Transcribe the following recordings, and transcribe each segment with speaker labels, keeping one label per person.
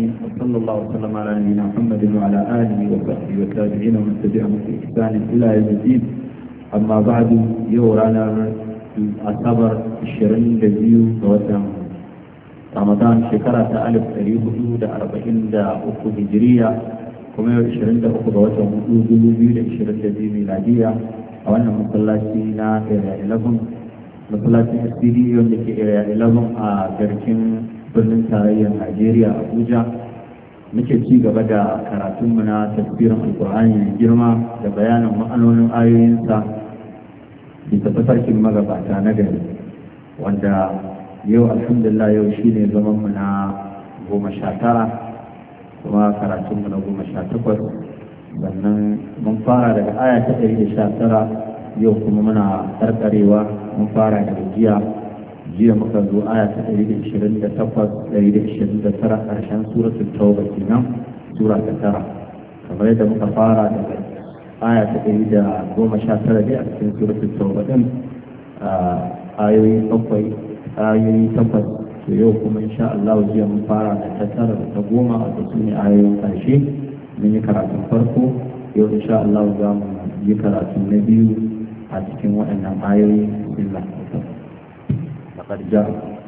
Speaker 1: العالمين وصلى الله وسلم على نبينا محمد وعلى آله وصحبه والتابعين ومن تبعهم بإحسان إلى يوم الدين أما بعد يورانا الأصبر الشرين لذيو وتم رمضان شكرة ألف تريه حدود أربعين دا أخو هجرية كما يو إشرين دا أخو وتم حدود دلوبيو دا إشرين لذي ميلادية أولا مصلاتينا إلى 11 masallacin sdd wanda ke area 11 a garkin birnin tarayyar Najeriya Abuja muke ci gaba da karatunmu na tafsirin Alƙur'ani mai girma da bayanin ma'anonin ayoyinsa bisa tafarkin magabata na gari wanda yau alhamdulillah yau zaman mu na goma sha tara kuma mu na goma sha takwas sannan mun fara daga aya ta ɗari da sha tara yau kuma muna karkarewa mun fara daga jiya jiya muka zo aya ta 128 129 ƙarshen suratul tauba kenan sura ta tara kamar yadda muka fara daga aya ta 119 ne a cikin suratul tauba din ayoyi bakwai ayoyi takwas to yau kuma insha Allah jiya mun fara da ta tara da ta goma a su ne ayoyin ƙarshe mun yi karatun farko yau insha Allah za mu yi karatu na biyu a cikin waɗannan ayoyi bismillah قد جاء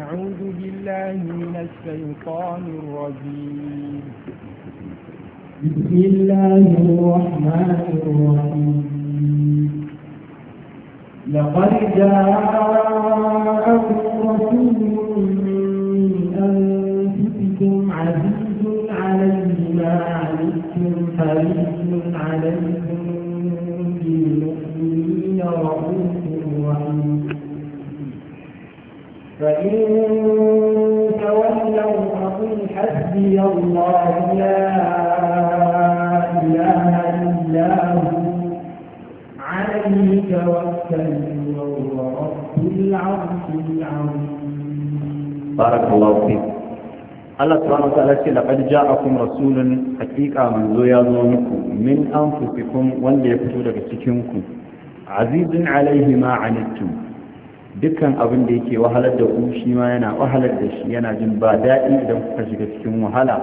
Speaker 1: أعوذ بالله من الشيطان الرجيم بسم الله الرحمن الرحيم لقد جاءكم رسول barakallahu fi Allah subhanahu wa ta'ala ce laqad ja'akum rasulun haqiqa manzo ya zo muku min anfusikum wanda ya fito daga cikin ku azizun alaihi ma anittum dukkan abin da yake wahalar da ku shi ma yana wahalar da shi yana jin ba daɗi idan kuka shiga cikin wahala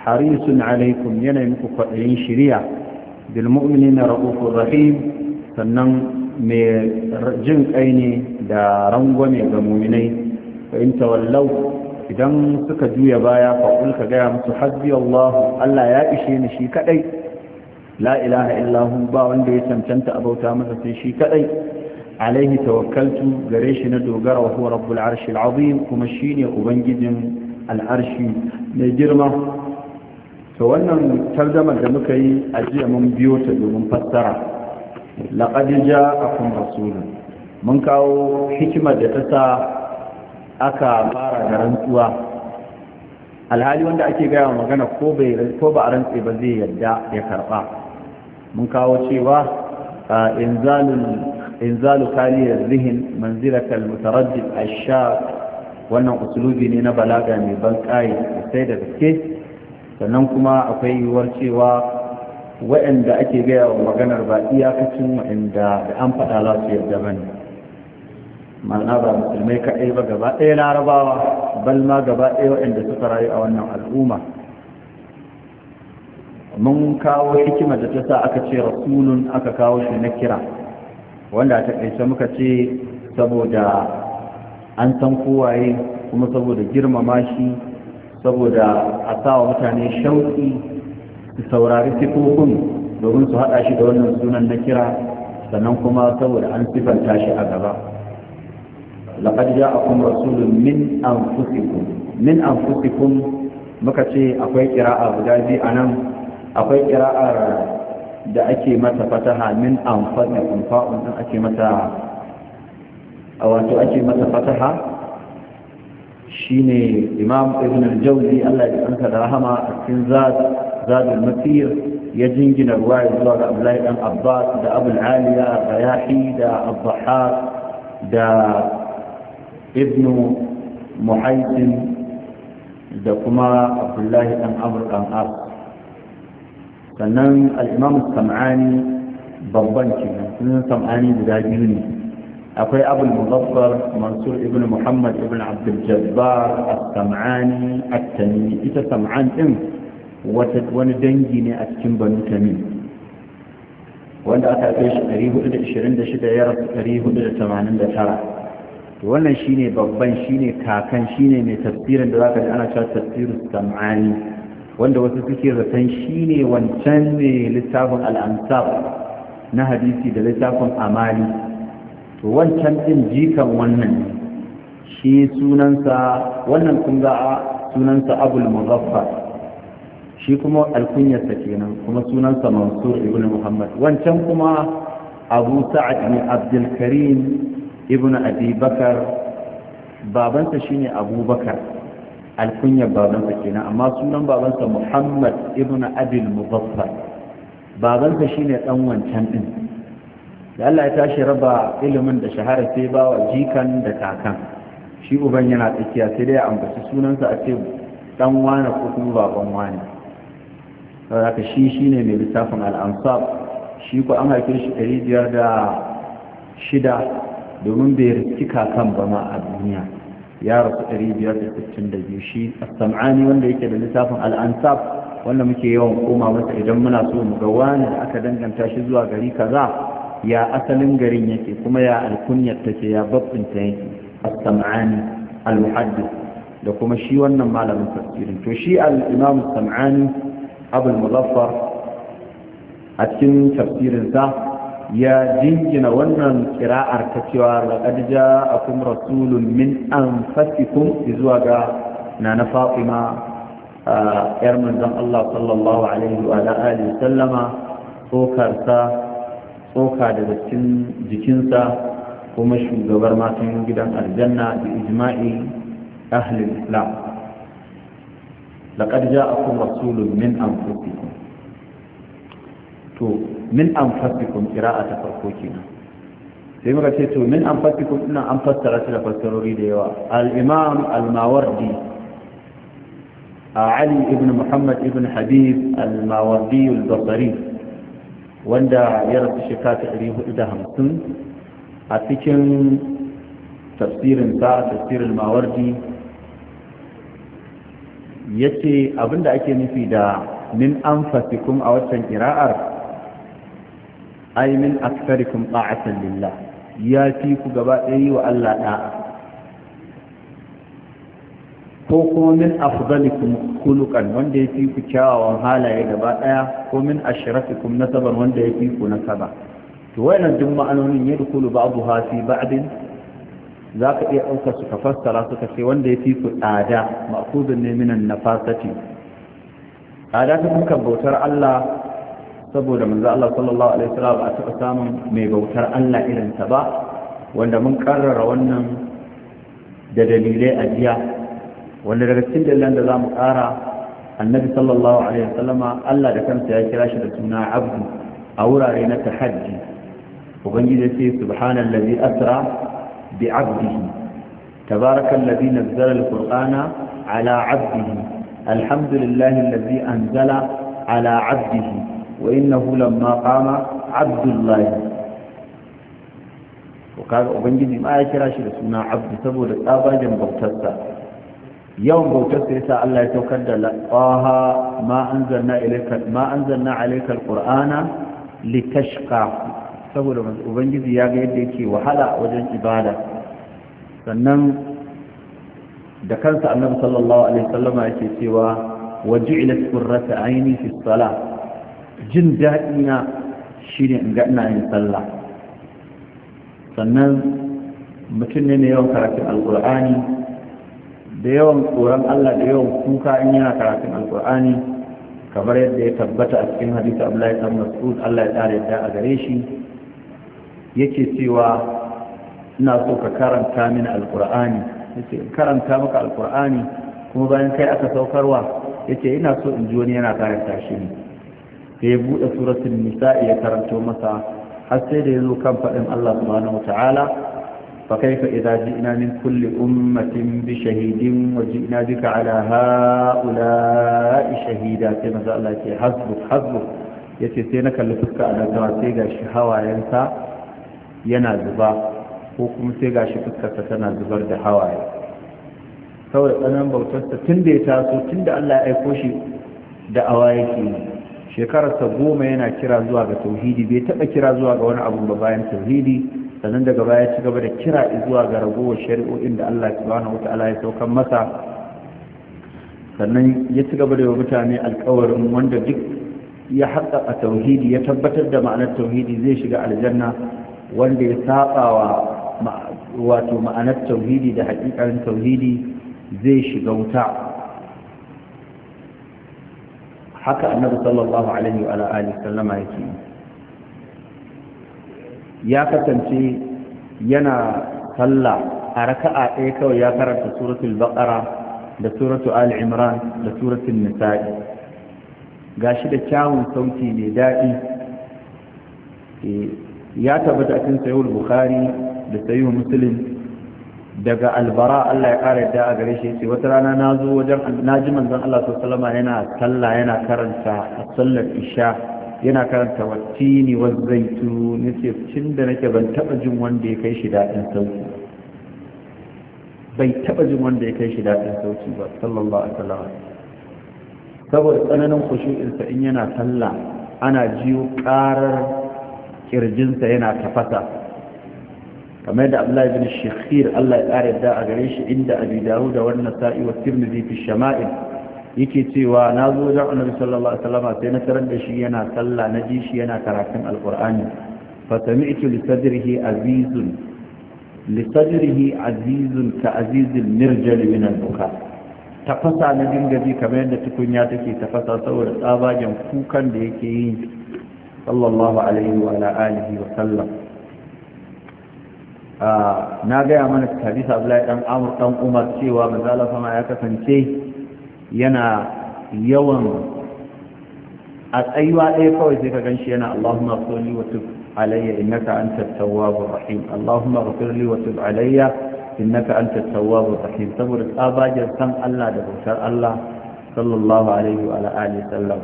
Speaker 1: harisun alaikum yana muku kwaɗayin shiriya bil mu'minina ra'ufur rahim sannan mai jin kai ne da rangwame ga mu'minai fa in idan suka juya baya fa ka gaya musu hasbi Allah Allah ya ishe ni shi kaɗai" la ilaha illa ba wanda ya cancanta abauta masa sai shi kaɗai alaihi tawakkaltu gare shi na dogara wa huwa rabbul arshil azim kuma shine ubangijin al'arshi mai girma to wannan tarjamar da muka yi a jiya mun biyo ta domin fassara laqad ja'akum rasulun mun kawo hikimar da ta sa aka fara da rantsuwa alhali wanda ake gaya wa magana ko ba a rantse ba zai yadda ya karba mun kawo cewa inzalu kaliyar zihin manzilatal mutaraddid sha wannan usulubi ne na balaga mai ban kayi sai da gaske sannan kuma akwai yiwuwar cewa waɗanda ake gaya wa maganar ba iyakacin waɗanda da an faɗa za su yarda ba ne ma'ana ba musulmai kaɗai ba gaba ɗaya larabawa bal ma gaba ɗaya waɗanda suka rayu a wannan al'umma mun kawo hikimar da ta sa aka ce rasulun aka kawo shi na kira wanda a taƙaice muka ce saboda an san kowaye kuma saboda girmama shi saboda a sawa mutane shauƙi su saurari sifofin domin su haɗa shi da wannan sunan na kira sannan kuma saboda an sifanta shi a gaba laqad ja'akum rasulun min anfusikum min anfusikum muka ce akwai kira'a guda biyu anan akwai kira'ar da ake mata fataha min anfusikum fa'un din ake mata wato ake mata fataha shine imam ibn al-jawzi Allah ya tsanta da rahama a cikin zad zadul masir ya jingina ruwaya zuwa ga Abdullahi dan Abbas da Abu al da Yahi da Ibn muhaitin da kuma abdullahi ɗan amur ɗan as sannan al'imam sam'ani babban kenan sunan sam'ani guda biyu ne akwai abul muzaffar mansur ibn muhammad ibn abdul jabbar as-sam'ani at-tamimi ita sam'an din wani dangi ne a cikin banu tamim wanda aka kai shi 426 ya rasu 489 to wannan shine babban shine kakan shine mai tafsirin da zaka ji ana cewa tafsiru sam'ani wanda wasu suke zaton shine wancan ne littafin al'amsar na hadisi da littafin amali to wancan din jikan wannan shi sunansa wannan kun ga sunansa abul muzaffar shi kuma alkunyarsa kenan kuma sunansa mansur ibn muhammad wancan kuma abu sa'ad ne abdul karim ibn abi babansa shine abubakar alkunyar babansa kenan amma sunan babansa muhammad ibn abil muzaffar babansa shine dan wancan din da Allah ya tashi raba ilimin da shahara sai ba wa jikan da kakan shi uban yana tsakiya sai dai ya ambaci sunansa a ce dan wane ko kuma baban wane shi shine mai lissafin al shi ko an haife shi 506 domin bai riski kakan ba ma a duniya ya rasu 562 shi as wanda yake da littafin al'ansaf wanda muke yawan koma masa idan muna so mu ga wani da aka danganta shi zuwa gari kaza ya asalin garin yake kuma ya alkunyar take ya babbin ta yake as al da kuma shi wannan malamin tafsirin to shi al-imam as-sam'ani abul muzaffar a cikin tafsirin sa ya jingina wannan kira'ar ta cewa laqad ja'akum rasulun min an anfusikum zuwa ga nana Fatima yar manzon Allah sallallahu alaihi wa alihi sallama
Speaker 2: tsokarsa
Speaker 1: tsoka daga cikin jikinsa kuma shugabar matan gidan aljanna da ijma'i ahli islam laqad ja'akum rasulun min anfusikum to min anfasikum qira'a ta farko kenan sai muka ce to min anfasikum ina an fassara shi da fassarori da yawa al-imam al-mawardi ali ibn muhammad ibn habib al-mawardi al-basri wanda ya rasu shekara 450 a cikin tafsirin sa tafsirin mawardi yace abinda ake nufi da min anfasikum a waccan qira'ar ai min aktharikum ta'atan lillah ya fi ku gaba ɗaya yi wa Allah da'a ko kuma min afdalikum kulukan wanda ya fi ku kyawawan halaye gaba ɗaya ko min ashrafikum nasaban wanda ya fi ku nasaba to wayannan duk ma'anonin ya dukulu ba'du ha fi ba'din zaka iya ɗaukar su ka fassara su ka ce wanda ya fi ku tsada ma'khudun ne minan nafasati tsada ta kan bautar Allah saboda manzo Allah sallallahu alaihi wasallam ba a taɓa samun mai bautar Allah irin ta ba wanda mun karrara wannan da dalilai a jiya wanda daga cikin dalilan da zamu ƙara annabi sallallahu alaihi wasallama Allah da kansa ya kira shi da suna abdu a wurare na tahajji ubangiji ya ce subhanallazi asra bi abdihi تبارك الذي نزل القرآن على عبده الحمد لله الذي أنزل wa innahu lamma qama abdullahi to kaga ubangiji ma ya kira shi da suna abdu saboda tsabagen bautarsa yawan bautarsa yasa Allah ya saukar da qaha ma anzalna ilayka ma anzalna alayka alqur'ana litashqa saboda ubangiji ya ga yadda yake wahala wajen ibada sannan da kansa annabi sallallahu alaihi wasallama yake cewa wajilat qurratu aini fi salat jin daɗi na shine in ga ina yin sallah sannan mutum ne mai yawan karatun alkur'ani da yawan tsoron allah da yawan kuka in yana karatun alkur'ani kamar yadda ya tabbata a cikin hadisi abdullahi dan mas'ud allah ya tsara yadda a gare shi yake cewa ina so ka karanta mini alkur'ani yace in karanta maka alkur'ani kuma bayan kai aka saukarwa yace ina so in ji wani yana karanta shi ne sai ya buɗe suratun nisa'i ya karanto masa har sai da ya zo kan faɗin Allah subhanahu wata'ala fa kaifa idza ji'na min kulli ummatin bi shahidin wa ji'na bika ala ha'ula'i shahida sai manzo Allah ya ce hasbuk hasbuk yace sai na kalli fuska a daga sai gashi hawayensa yana zuba ko kuma sai gashi fuskarsa tana zubar da hawaye saboda tsananin bautarsa tun da ya taso tun da Allah ya aiko shi da awa yake yi shekararsa goma yana kira zuwa ga tauhidi bai taɓa kira zuwa ga wani abu ba bayan tauhidi sannan daga baya ci gaba da kira zuwa ga ragowar shari'o'in da Allah subhanahu wata'ala ya saukan masa sannan ya ci gaba da yi mutane alkawarin wanda duk ya a tauhidi ya tabbatar da ma'anar tauhidi zai shiga aljanna wanda ya saba wa wato ma'anar tauhidi da haƙiƙarin tauhidi zai shiga wuta haka annabi sallallahu alaihi wa alihi sallama yake ya kasance yana sallah a raka'a ɗaya kawai ya karanta suratul baqara da suratul ali imran da suratul nisa'i gashi da kyawun sauti mai daɗi eh, ya tabbata cikin sayyid bukhari da sayyid muslim daga albara Allah ya kare da a gare shi yace wata rana na zo wajen naji manzon Allah sallallahu alaihi yana sallah yana karanta sallar isha yana karanta wattini wa zaitun yace tun da nake ban taba jin wanda ya kai shi dadin sauki bai taba jin wanda ya kai shi dadin sauki ba sallallahu alaihi wasallam saboda tsananin khushu'insa in yana sallah ana jiyo karar kirjinsa yana tafasa kamar da abdullahi bin shakhir Allah ya tsara yadda a gare shi inda abi dawo da wannan sa'i wa tirmidhi fi shama'il yake cewa na zo da annabi sallallahu alaihi wasallam sai na tarar da shi yana sallah na ji shi yana karatun alqur'ani fa sami'tu li sadrihi azizun li sadrihi azizun ka azizil mirjal min al-buka tafasa na dingaji kamar yadda tukunya take tafasa saboda tsabagen kukan da yake yi sallallahu alaihi wa alihi wa sallam Ah, na gaya mana hadisa abdullahi dan amur dan umar cewa manzala sama ya kasance yana yawan a tsayuwa ɗaya kawai sai ka ganshi yana allahumma ghfirli wa tub alayya innaka anta at-tawwabur rahim allahumma ghfirli wa tub alayya innaka anta at-tawwabur rahim saboda tsabagen san Allah da bautar Allah sallallahu alaihi wa alihi sallam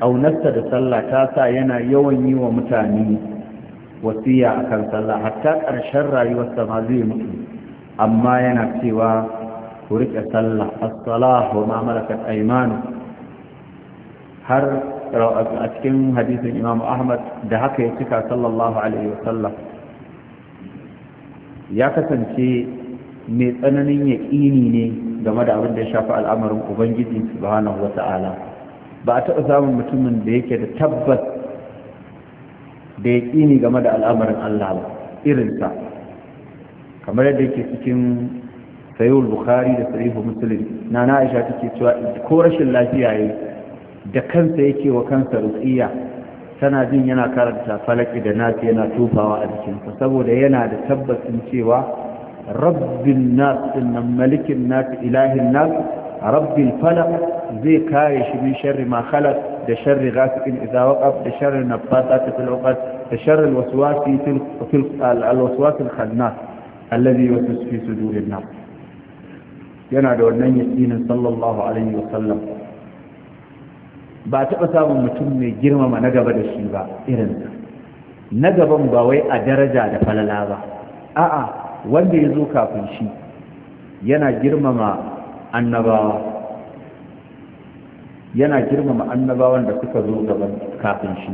Speaker 1: kaunarsa da sallah ta sa yana yawan yi wa mutane wasiya a kan sallah hatta ƙarshen rayuwarsa ma zai mutu amma yana cewa ku riƙe sallah as-salah wa ma malakat aymanu har a cikin hadisin Imam Ahmad da haka ya cika sallallahu alaihi wa sallam ya kasance mai tsananin yaƙini ne game da abin da ya shafi al'amarin Ubangiji subhanahu wa ta'ala ba a taɓa samun mutumin da yake da tabbas da ya ƙini game da al'amarin Allah ba irinsa kamar yadda yake cikin sayul bukhari da sahihu muslim na na aisha take cewa ko rashin lafiya yayi da kansa yake wa kansa ruqiya tana jin yana karanta falaki da nasi yana tufawa a jikinsa saboda yana da tabbacin cewa rabbin nas nan malikin nas ilahin nas rabbin falak zai kare shi min sharri ma khalaq da sharri ghasiqin idza waqab da sharri nafasati fil uqad da sharri alwaswasi fil alwaswas alkhannas alladhi yuwaswisu fi sudurin nas yana da wannan yakinin sallallahu alaihi wasallam ba taɓa samun mutum mai girmama na gaba da shi ba irin irinsa na gaban ba wai a daraja da falala ba a'a wanda ya zo kafin shi yana girmama annabawa yana girmama annabawan da suka zo gaban kafin shi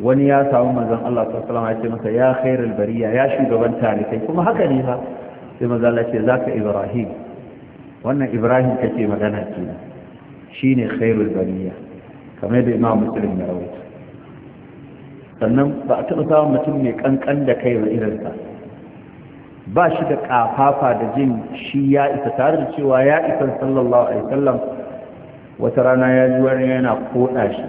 Speaker 1: wani ya samu manzon Allah sallallahu alaihi wasallam ya ce masa ya khairul bariya ya shugaban talikai kuma haka ne ha? sai manzon Allah ce zaka Ibrahim wannan Ibrahim kake magana ke shine khairul bariya kamar da Imam Muslim ya rawaita sannan ba a taɓa samun mutum mai kankan da kai ba sa. ba shi da kafafa da jin shi ya isa tare da cewa ya isa sallallahu alaihi wasallam wata rana ya ji wani yana koɗa shi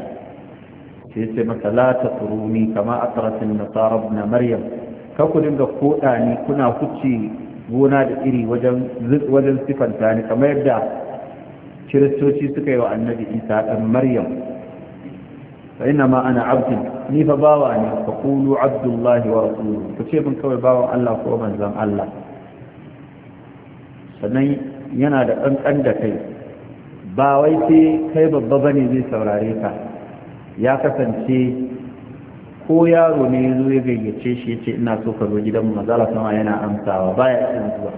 Speaker 1: sai ce masa la ta turuni kama asaratin nasara na maryam ka ku dinga koɗa ni kuna huce gona da iri wajen sifanta ni kamar yadda kiristoci suka yi wa annabi isa ɗan maryam fa ina ma ana abdin ni fa bawa ne ka kulu abdullahi wa rasuluhu ku ce min kawai bawa allah ko manzon allah sannan yana da ƙanƙan da kai ba wai sai kai babba bane zai saurare ka ya kasance ko yaro ne ya zo ya gayyace shi ya ce ina so ka zo gidan mazala sama yana amsawa baya cin zuwa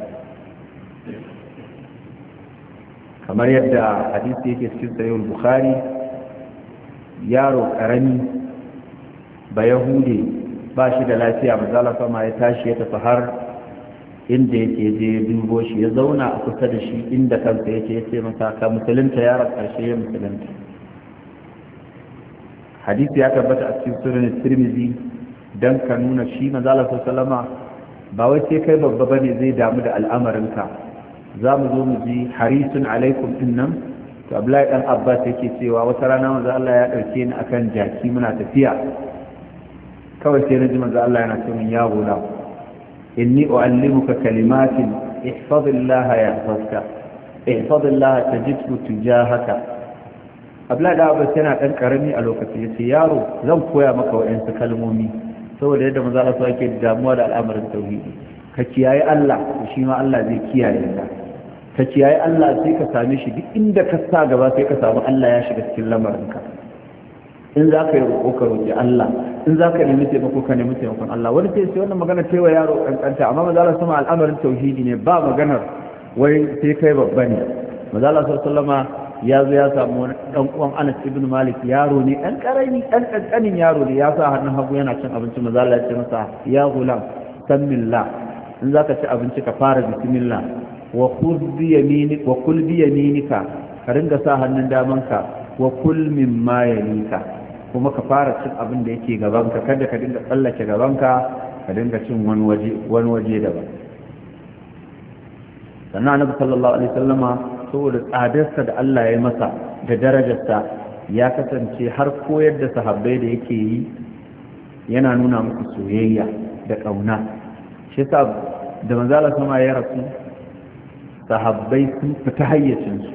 Speaker 1: kamar yadda hadisi yake cikin sayyid bukhari yaro karami ba yahude ba shi da lafiya mazala sama ya tashi ya tafi har inda yake je ya dubo shi ya zauna a kusa da shi inda kansa yake ya ce masa ka musulunta ya karshe ya musulunta hadisi ya tabbata a cikin sunan tirmizi dan ka nuna shi manzala sallama ba wai sai kai babba bane zai damu da al'amarinka za mu zo mu ji harisun alaikum din nan to abdullahi dan abbas yake cewa wata rana manzo Allah ya dauke ni akan jaki muna tafiya kawai sai na ji manzo Allah yana cewa ya gula inni u'allimuka kalimatin ihfazillaha yahfazka ihfazillaha tajidhu tujahaka abla da abbas yana ɗan karami a lokacin ya yace yaro zan koya maka wayansu kalmomi saboda yadda maza Allah yake damuwa da al'amarin tauhidi ka kiyaye Allah shi ma Allah zai kiyaye ka ka kiyaye Allah sai ka sami shi duk inda ka sa gaba sai ka samu Allah ya shiga cikin lamarinka in za ka yi roƙo ka roƙi Allah in za ka nemi taimako ka nemi taimakon Allah wani ce sai wannan magana ce wa yaro kankanta amma maza Allah sama al'amarin tauhidi ne ba maganar wai sai kai babba ne maza Allah sallama ya zo ya samu wani dan uwan Anas ibn Malik yaro ne dan karami dan kankanin yaro ne ya sa hannun hagu yana cin abinci maza Allah ya ce masa ya gulam sammillah in za ka ci abinci ka fara bismillah wa khudh bi yaminika wa kul bi yaminika ka ringa sa hannun damanka wa kul mimma yalika kuma ka fara cin abin da yake gabanka kada ka dinga tsallake gabanka ka dinga cin wani waje wani waje daban sannan annabi sallallahu alaihi wasallama saboda tsadarsa da Allah ya masa da darajarsa ya kasance har koyar da sahabbai da yake yi yana nuna muku soyayya da ƙauna shi yasa da manzala sama ya rasu sahabbai sun fita hayyacinsu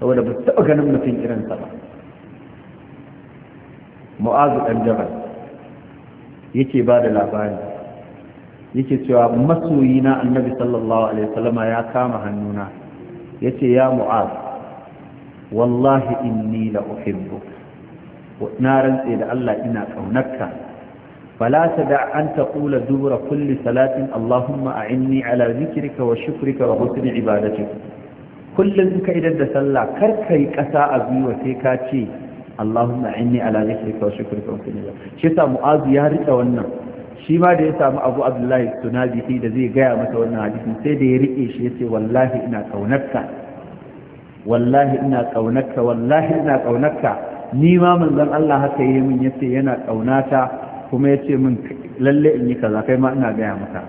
Speaker 1: saboda ba su taɓa ganin mutum irinsa ba mu'azu ɗan jabal yake ba da labari yake cewa masoyi na annabi sallallahu ya kama hannuna ya ce ya mu'az wallahi inni la uhibbu na rantse da Allah ina kaunarka fala ta da an taƙula dubura kulli salatin Allahumma a inni ala zikirka wa shukrika wa husni ibadatik kullum ka idar da sallah kar kai ƙasa a gwiwa sai ka ce Allahumma inni ala zikrika wa shukrika wa kunna shi sa mu'azu ya rika wannan shi ma da ya samu Abu Abdullahi Tunabi da zai gaya masa wannan hadisin sai da ya rike shi yace wallahi ina kaunarka wallahi ina kaunarka wallahi ina kaunarka ni ma manzon Allah haka yayi min yace yana kaunata kuma yace min lalle in yi kaza kai ma ina gaya maka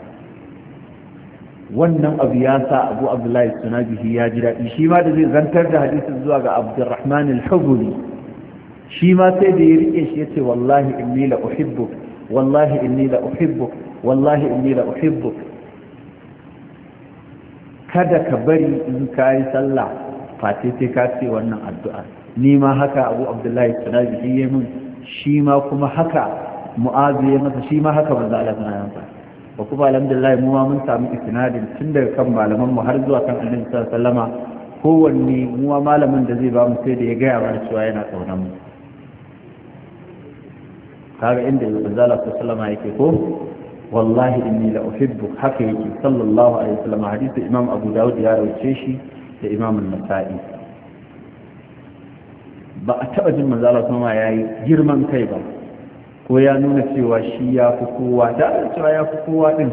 Speaker 1: wannan abu ya sa Abu Abdullahi Tunabi ya ji daɗi shi ma da zai zantar da hadisin zuwa ga Abdurrahman al-Hubuli shi ma sai da ya rike shi yace wallahi inni la uhibbuk wallahi inni la uhibbuk wallahi inni la uhibbuk kada ka bari in kai sallah fate sai ka ce wannan addu'a ni ma haka abu abdullahi sanabi shi ya mun shi ma kuma haka mu'azu ya masa shi ma haka manzo Allah sana masa wa kuma alhamdulillah mu ma mun samu istinadin tun daga kan malaman mu har zuwa kan annabi sallallahu alaihi wasallama kowanne mu malamin da zai ba mu sai da ya gaya mana cewa yana tsoron mu kaga inda manzala sallama yake ko wallahi inni la uhibbu haka yake sallallahu alaihi wasallam hadisi imam abu dawud ya rawace shi da imam an-nasa'i ba a taba jin manzala sallama yayi girman kai ba ko ya nuna cewa shi ya fi kowa da cewa ya fi kowa din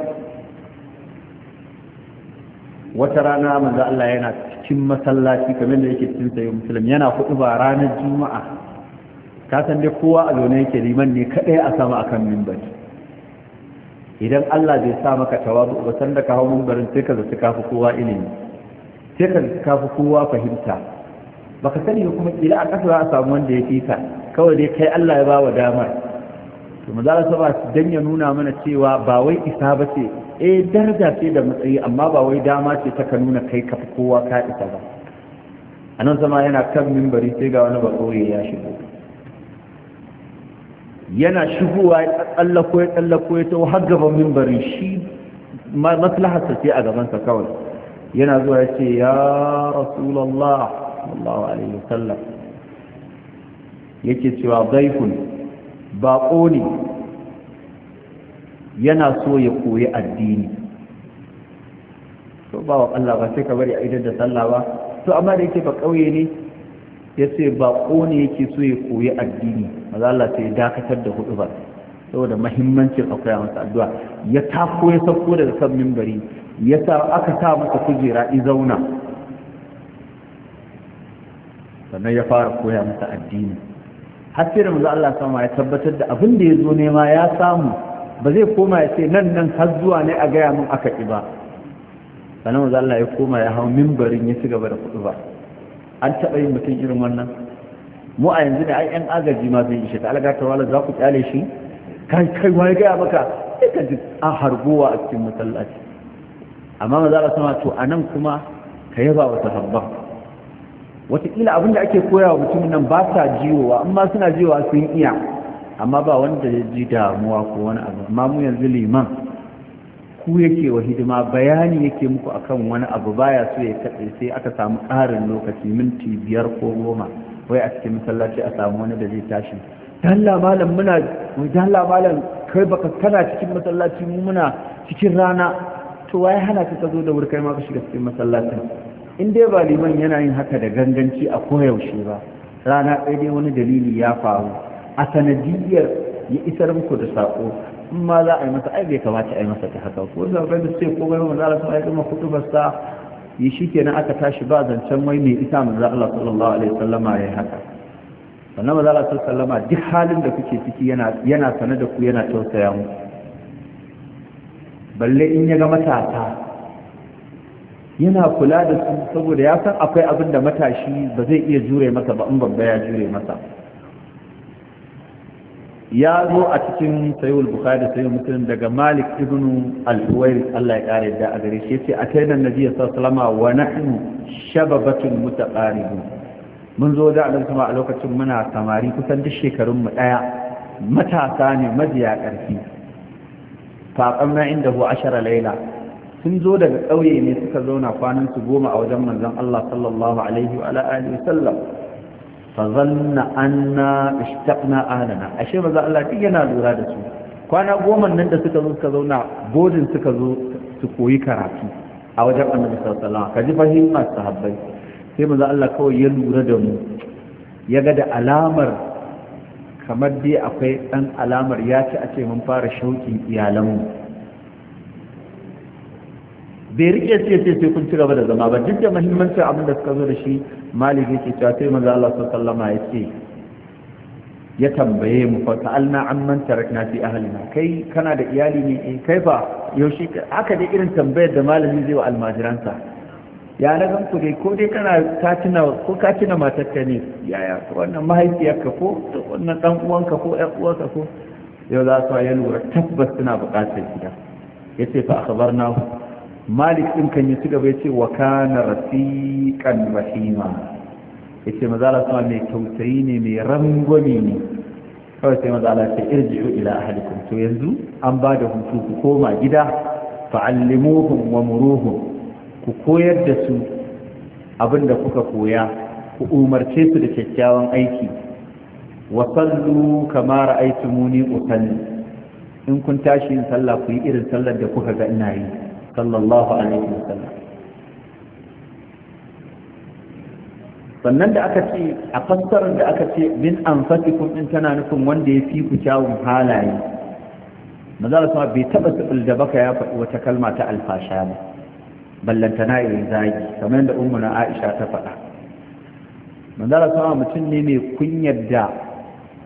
Speaker 1: wata rana manzo Allah yana cikin masallaci kamar da yake cikin sayyid muslim yana kudu ba ranar juma'a ka san dai kowa a zaune yake liman ne kadai a sama akan mimbari idan Allah zai sa maka tawazu ba san da ka hawo mimbarin sai ka ka fi kowa ilimi sai ka ka fi kowa fahimta baka sani ka kuma kila a kasa za a samu wanda ya fita kawai dai kai Allah ya ba wa damar to mu za su ba dan ya nuna mana cewa ba wai isa ba ce eh daraja ce da matsayi amma ba wai dama ce ta ka nuna kai ka kowa ka isa ba a nan zama yana kan mimbari sai ga wani bakore ya shigo yana shigowa ya tsallako ya tsallako ya taho har gaban mimbarin shi maslaharsa ce a gabansa kawai yana zuwa ya ce ya rasulallah wa alaihi wasallam yake cewa zaifun baƙo ne yana so ya koyi addini to ba wa Allah ba sai ka bari a idar da sallah ba to amma da yake ba ƙauye ne ya ce baƙo ne yake so ya koyi addini maza Allah ya dakatar da hudu ba saboda mahimmancin akwai a masa addu'a ya tako ya sauko daga kan mimbari ya sa aka sa masa kujera i zauna sannan ya fara koya masa addini har sai da maza Allah sama ya tabbatar da abin da ya zo ma ya samu ba zai koma ya ce nan nan har zuwa ne a gaya min aka ƙi ba sannan maza Allah ya koma ya hau mimbarin ya ci gaba da kuɗu ba an taɓa yin mutum irin wannan mu a yanzu da ai yan agaji ma zai ishe ta alaga ta wala za ku kyale shi kai kai wai gaya maka sai ka ji an harbowa a cikin masallaci amma maza Allah sama to anan kuma ka yaba wa sahabban wataƙila abin da ake koya wa mutum nan ba sa jiwowa amma suna jiwowa sun iya amma ba wanda ya ji damuwa ko wani abu amma mu yanzu liman ku yake wa hidima bayani yake muku akan wani abu baya so ya kaɗe sai aka samu ƙarin lokaci minti biyar ko goma wai a cikin masallaci a samu wani da zai tashi dalla malam muna dalla malam kai baka kana cikin masallaci mu muna cikin rana to wai hana ka ka zo da wuri kai ma ka shiga cikin masallacin in dai ba liman yana yin haka da ganganci a koyaushe ba rana ɗaya dai wani dalili ya faru a sanadiyar ya isar muku da saƙo in ma za a yi masa aibe bai kamata a yi masa ta haka ko zafai da sai komai manzo Allah sun aika masa kutubar sa yi shikenan aka tashi ba zancen mai mai ita manzo Allah sallallahu alaihi wasallama yayi haka sannan manzo Allah sallallahu alaihi wasallama duk halin da kuke ciki yana yana sane da ku yana tausaya mu balle in ya ga matasa yana kula da su saboda ya san akwai abin da matashi ba zai iya jure masa ba in babba ya jure masa ya zo a cikin sayul bukhari da sayul muslim daga malik ibn al-huwairi Allah ya kare da a gare shi yace ataina annabi sallallahu alaihi wa nahnu shababatun mutaqaribun mun zo da annabi a lokacin muna samari kusan duk shekarun mu daya matasa ne majiya karfi faqamna indahu ashara layla sun zo daga ƙauye ne suka zauna kwanan su goma a wajen manzon Allah sallallahu alaihi wa alihi wa fazanna anna ishtaqna ahlana ashe maza Allah duk yana lura da su kwana goma nan da suka zo suka zauna bodin suka zo su koyi karatu a wajen annabi sallallahu alaihi wasallam kaji fahimma sahabbai sai maza Allah kawai ya lura da mu ya ga da alamar kamar dai akwai dan alamar ya ci a ce mun fara shauƙin iyalanmu bai rike sai sai kun ci gaba da zama ba duk da muhimmancin abin da suka zo da shi malik yake cewa sai manzo Allah sallallahu alaihi wasallam ya tambaye mu fa ta'alna amman tarakna fi ahlina kai kana da iyali ne eh kai fa yaushe haka dai irin tambayar da malami zai wa almajiransa ya na gan ku dai ko dai kana ka tuna ko ka tuna matarka ne yaya wannan mahaifiyarka ko wannan dan uwanka ko ƴan uwanka ko yau za su ya lura tabbas suna buƙatar gida yace fa akhbarnahu malik din kan yi ci gaba yace wa kana rafiqan rahima yace maza Allah sama mai tausayi ne mai rangwami ne kawai sai maza Allah ce irji'u ila ahlikum to yanzu an ba da hutu ku koma gida fa'allimuhum wa muruhum ku koyar da su abinda kuka koya ku umarce su da kyakkyawan aiki wa sallu kama ra'aytumuni usalli in kun tashi yin sallah ku yi irin sallar da kuka ga ina yi sallallahu alaihi wasallam sannan da aka ce a fassarar da aka ce min anfatikum in tana nufin wanda ya fi ku kyawun halaye maza da bai taba sibil da baka ya faɗi wata kalma ta alfasha ba ballantana ya zagi kamar yadda ummu na Aisha ta faɗa maza da sama mutum ne mai kunyar da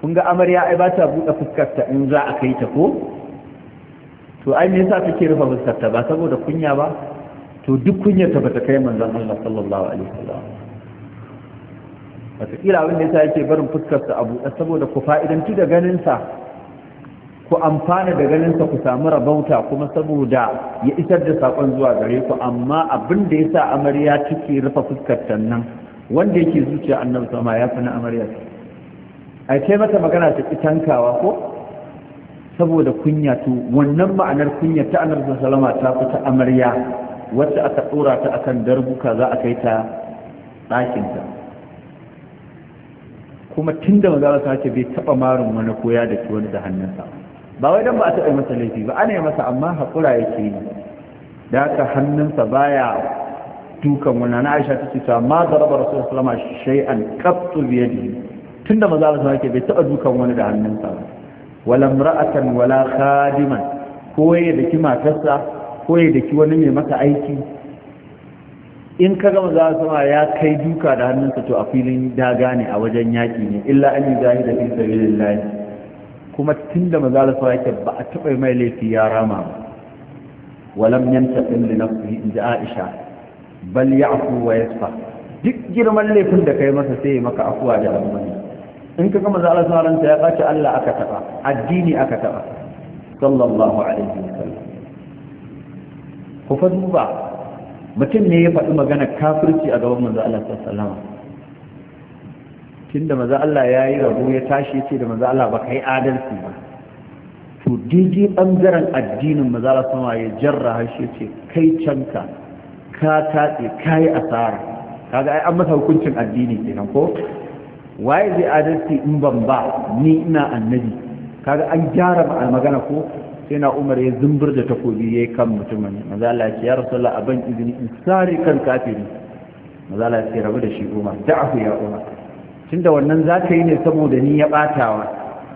Speaker 1: kun ga amarya ai ba ta buɗe fuskarta in za a kai ta ko to ai me yasa kake rufe fuskarta ba saboda kunya ba to duk kunyar ta bata kai manzon Allah sallallahu alaihi wasallam wata kila abin yasa yake barin fuskarsa a buɗe saboda ku fa'idanci da ganin sa ku amfana da ganin sa ku samu rabauta kuma saboda ya isar da sakon zuwa gare ku amma abin da yasa amarya take rufe fuskarta nan wanda yake zuciya annabi sama ya fi na amarya ai kai mata magana ta kitankawa tankawa ko saboda kunya to wannan ma'anar kunya ta annabi wasallam ta fita amarya wacce aka tsora ta akan darbuka za a kai ta ta kuma tunda da maza ta ce bai taɓa marin wani koya da ke wani da hannunsa ba wai don ba a taɓa masa laifi ba ana yi masa amma haƙura yake yi da haka hannunsa baya dukan wani na aisha ta ce ta ma zaraba rasulullah sallama shay'an qattu biyadihi tunda maza ta ce bai taɓa dukan wani da hannunsa ba wala imra'atan wala khadiman ko ya ki matarsa ko ya ki wani mai maka aiki in ka gama za su ya kai duka da hannunsa to a filin daga ne a wajen yaƙi ne illa an yi zahi da fi sabilillahi kuma tun da maza su yake ba a taɓa mai laifi ya rama ba walam yantaqim li nafsihi in ji Aisha bal ya wa yasfa duk girman laifin da kai masa sai ya maka afuwa da amfani in ka gama za'ala sauran ta ya kace Allah aka taɓa, addini aka taɓa sallallahu alaihi wa wasallam ku fa ba mutum ne ya faɗi magana kafirci a gaban manzo Allah sallallahu alaihi wasallam tunda manzo Allah ya yi rabo ya tashi ce da manzo Allah ba kai adalci ba to daidai bangaren addinin manzo Allah sama ya jarra shi ce kai canka ka tatse kai asara kaga ai an masa hukuncin addini kenan ko waye zai adalci in ban ba ni ina annabi kaga an gyara magana ko sai na umar ya zumbur da takobi ya yi kan mutumin maza Allah ya ce ya rasu Allah izini in sare kan kafiri maza Allah ya ce rabu da shi umar da'ahu ya umar Tunda wannan zata yi ne saboda ni ya batawa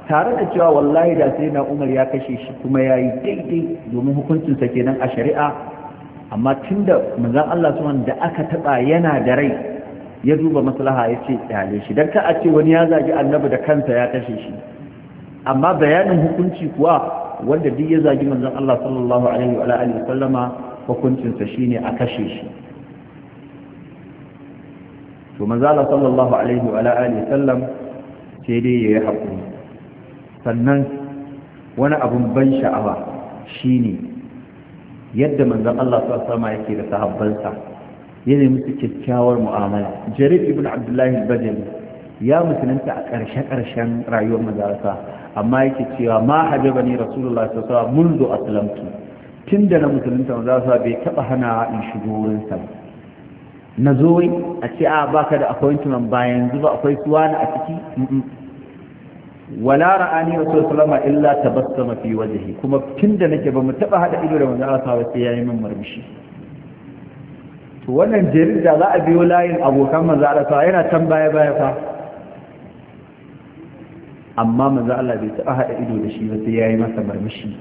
Speaker 1: tare da cewa wallahi da sai na umar ya kashe shi kuma ya yi daidai domin hukuncinsa kenan a shari'a amma tunda da Allah suwan da aka taɓa yana da rai ya duba maslaha ya ce kyale shi don ka a ce wani ya zagi annabi da kansa ya kashe shi amma bayanin hukunci kuwa wanda duk ya zagi manzon Allah sallallahu alaihi wa alihi sallama hukuncinsa shine a kashe shi to manzo Allah sallallahu alaihi wa alihi sallam sai dai yayi hakuri sannan wani abun ban sha'awa shine yadda manzon Allah sallallahu alaihi wa yake da sahabbansa Yanayi musu kyakkyawar mu'amala jarir ibn abdullahi bajali ya musulunta a ƙarshen ƙarshen rayuwar mazarasa amma yake cewa ma hajjaba ne rasulullah ta sa zo aslamtu tun da na musulunta mazarasa bai taɓa hana in shigo wurin ba na zo a ce a baka da appointment bayan zuba akwai suwa na a ciki wala ra'ani rasul sallama illa tabassama fi wajhi kuma tunda nake ba mu taɓa hada ido da manzo Allah sai yayi min murmushi to wannan jerin da za a biyo layin abokan manzo yana can baya baya fa amma manzo bai taɓa haɗa ido da shi ba sai yayi masa marmishi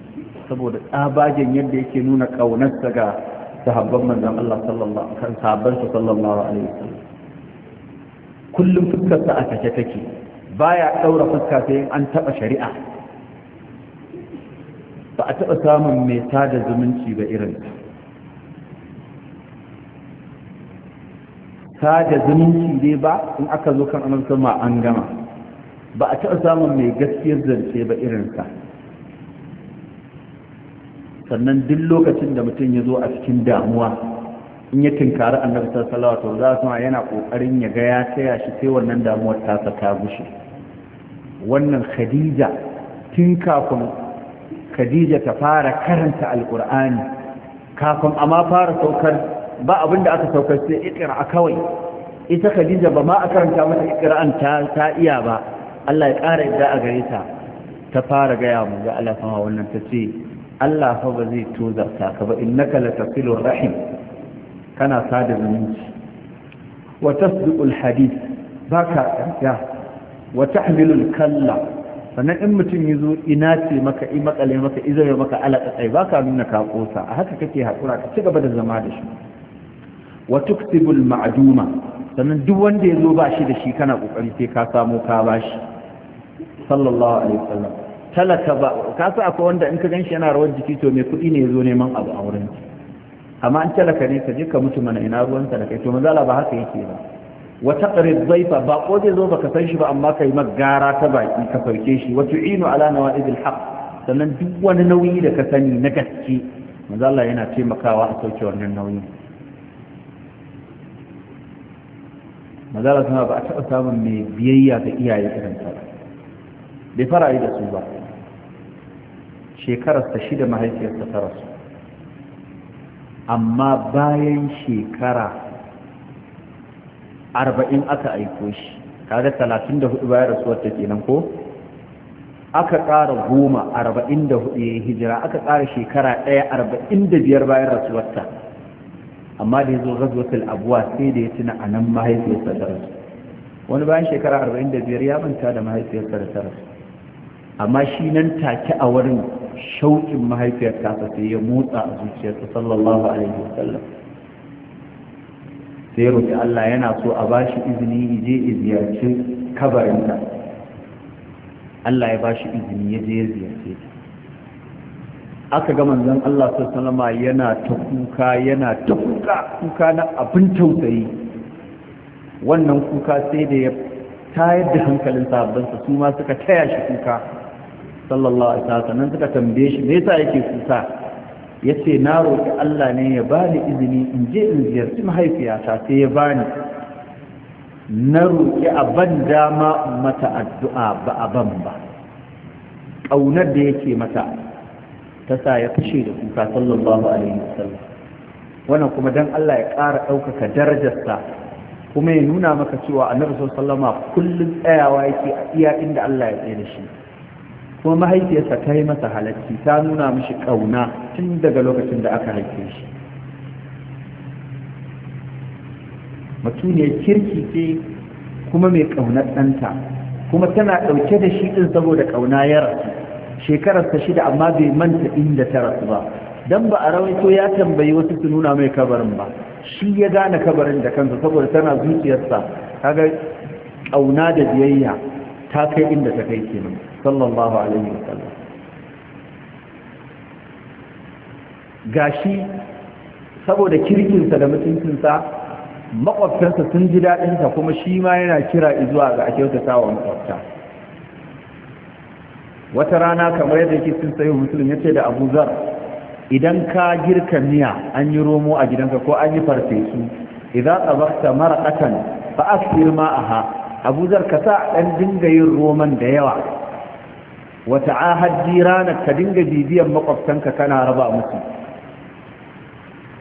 Speaker 1: saboda tsabagen yadda yake nuna ƙaunarsa ga sahabban manzon Allah kullum fuskarsa a take take baya ɗaura fuska sai an taɓa shari'a ba a taɓa samun mai sada zumunci ba irin sada zumunci dai ba in aka zo kan amurka ma an gama ba a taɓa samun mai gaskiyar zance ba irinsa sannan duk lokacin da mutum ya zo a cikin damuwa in ya tinkari annabi sallallahu salawa wasallam za su yana ƙoƙarin ya ga ya taya shi sai wannan damuwar ta ta gushe wannan khadija tun kafin khadija ta fara karanta Alƙur'ani kafin amma fara saukar ba abin da aka saukar sai ikira kawai ita khadija ba ma a karanta mata ikira'an ta iya ba Allah ya ƙara idda a gare ta ta fara gaya mu ga Allah sama wannan ta ce Allah fa ba zai tozarta ka ba innaka latasilur rahim kana sada zumunci wa tasdiqul hadith baka ya wa tahmilul kalla sannan in mutum ya zo ina ce maka i makale maka izo maka alaka ba ka nuna ka kosa a haka kake hakura ka ci gaba da zama da shi wa tuksibul ma'duma sannan duk wanda ya zo ba shi da shi kana kokari sai ka samu ka bashi. sallallahu alaihi wasallam talaka ba ka sa akwai wanda in ka ganshi yana rawar jiki to mai kuɗi ne ya zo neman abu a wurin amma an talaka ne ka je ka mutu mana ina ruwan da kai to mazala ba haka yake ba Wata taqrid zaifa, ba ko zai zo baka san shi ba amma kai gara ta baki ka farke shi wa tu'inu ala nawaidil haqq sannan duk wani nauyi da ka sani na gaske manzo yana taimakawa a sauke wannan nauyin. mazala suna ba a taɓa samun mai biyayya ga iyaye irin ta bai fara yi da su ba Shekarar ta shida mahaifiyarsa ta rasu amma bayan shekara arba'in aka aiko shi kaga talatin da hudu bayan rasuwar ta kenan ko aka ƙara goma arba'in da hudu ya hijira aka ƙara shekara ɗaya arba'in da biyar bayan rasuwarta amma da ya zo ghazwatul abwa sai da ya tuna a nan mahaifiyarsa da rasu wani bayan shekara arba'in da biyar ya manta da mahaifiyarsa da rasu amma shi nan take a wurin shauƙin mahaifiyar tasa sai ya motsa a zuciyarsa sallallahu alaihi wasallam sai roƙi Allah yana so a bashi izini je ziyarci kabarinta Allah ya bashi izini ya je ya ziyarce ta aka ga manzon Allah sallama yana ta kuka yana ta kuka kuka na abin tausayi wannan kuka sai da ya tayar da hankalin sahabbansa su ma suka taya shi kuka sallallahu alaihi wasallam nan suka tambaye shi me yasa yake kuka yace na roki Allah ne ya bani izini in je in ziyarci mahaifiya ta sai ya bani na roki a ban dama mata addu'a ba a ban ba ƙaunar da yake mata ta sa ya fushe da kuka sallallahu alaihi wasallam wannan kuma dan Allah ya ƙara ɗaukaka darajarsa kuma ya nuna maka cewa annabi sallama kullum tsayawa yake a iya inda Allah ya tsaye da shi kuma mahaifiyarsa ta yi masa halacci ta nuna mishi ƙauna tun daga lokacin da aka haife shi mutuniyar kirki ce kuma mai ƙaunar ɗanta kuma tana ɗauke da shi ɗin saboda ƙauna ya rasu Shekarar ta shida amma bai manta inda ta rasu ba dan ba a rawaito ya tambayi wasu su nuna mai kabarin ba shi ya gane kabarin da kansa saboda tana zuciyarsa kaga kauna da biyayya ta kai inda ta kai kenan sallallahu alaihi sallam gashi saboda kirkinsa da mutuncinsa makwabtarsa sun ji daɗinsa kuma shi ma yana kira izuwa ga ake wata wa makwabta wata rana kamar yadda yake cikin sayi musulun ya ce da abu zar idan ka girka miya an yi romo a gidanka ko an yi farfesu idan tsabakta maraƙatan ba a fi a abu zar ka sa ɗan dinga yin roman da yawa wata ahad ranar ka dinga bibiyan makwabtanka kana raba musu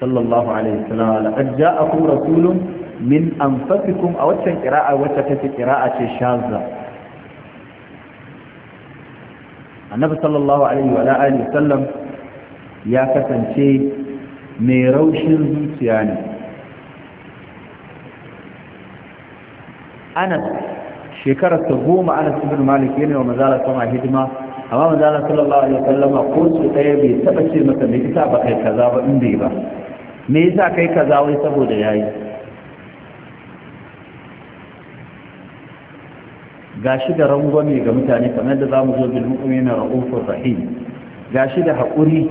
Speaker 1: sallallahu alaihi wasallam laqad ja'akum rasulun min anfusikum a waccan qira'a wacce take qira'a ce shazza annabi sallallahu alaihi wa alihi sallam ya kasance mai raushin zuciya ne anas shekarar ta goma anas ibn malik yana wa mazala sama hidima amma mazala sallallahu alaihi wa sallama ko su ɗaya bai taɓa ce masa me yasa ba kai kaza ba in bai ba me yasa kai kaza wai saboda yayi gashi da rangwame ga mutane kamar da zamu zo bil mu'minina ra'ufur rahim gashi da haƙuri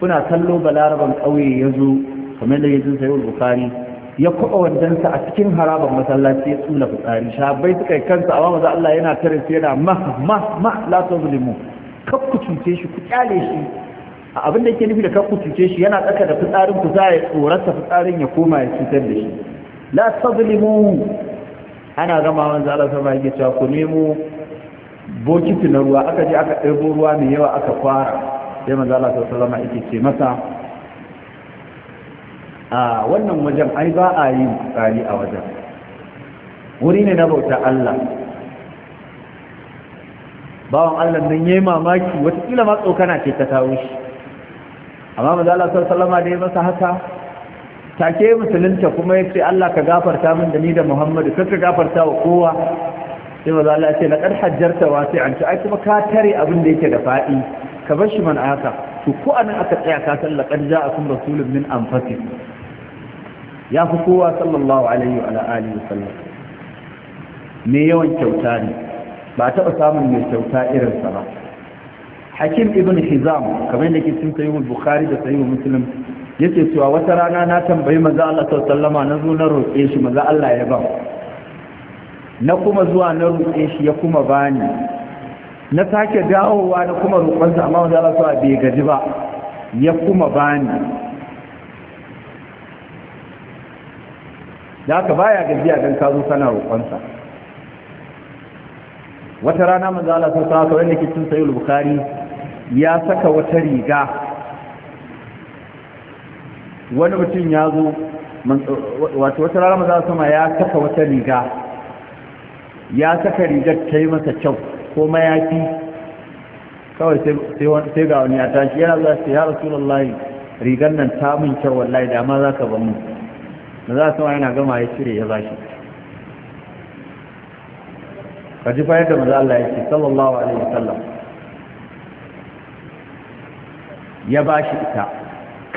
Speaker 1: kuna kallo balaraban ƙauye ya zo kamar da yajin sayo bukari ya kwaɓa wandansa a cikin harabar masallaci ya tsula fitsari shabai suka yi kansa amma maza Allah yana tare su yana ma ma ma la tazlimu kaf ku cuce shi ku kyale shi a abin da yake nufi da kaf ku cuce shi yana tsaka da fitsarin ku za ya tsorata fitsarin ya koma ya cutar da shi la tazlimu ana gama wanzu ala sama yake cewa ku nemo bokiti na ruwa aka je aka ɗebo ruwa mai yawa aka fara sai manzo ala sallallahu alaihi yake ce masa a wannan wajen ai ba a yi tsari a wajen wuri ne na bauta Allah bawan Allah nan yayi mamaki wata kila ma tsokana ce ta tawo shi amma manzo Allah sallallahu alaihi wasallam da ya masa haka take musulunta kuma ya ce Allah ka gafarta min da ni da Muhammadu kar ka gafarta wa kowa sai maza Allah ya ce hajjarta wasi'an ta ai kuma ka tare abin da yake da faɗi ka bar shi man aka to ko anan aka tsaya ka san laqad ja'akum rasulun min anfusikum ya fi kowa sallallahu alaihi wa alihi wa sallam me yawan kyauta ne ba taɓa samun mai kyauta irinsa ba hakim ibn hizam kamar da ke cikin sahihul bukhari da sahihul muslim yake cewa wata rana na tambayi maza Allah sallama na zo na roƙe shi maza Allah ya ban na kuma zuwa na roƙe shi ya kuma bani na sake dawowa na kuma roƙonsa amma maza Allah sallama bai gaji ba ya kuma bani da ka baya gajiya don ka zo kana roƙonsa wata rana maza Allah sallama kawai da kicin sayi bukhari ya saka wata riga wani mutum ya zo wato wata rana maza sama ya saka wata riga ya saka rigar ta yi masa kyau ko mayafi kawai sai ga wani ya tashi yana za su ya rasulallahi rigar nan ta mun kyau wallahi da ma za ka ba mu maza sama yana gama ya cire ya bashi ka ji bayan da maza Allah ya ce sallallahu alaihi wasallam ya bashi ita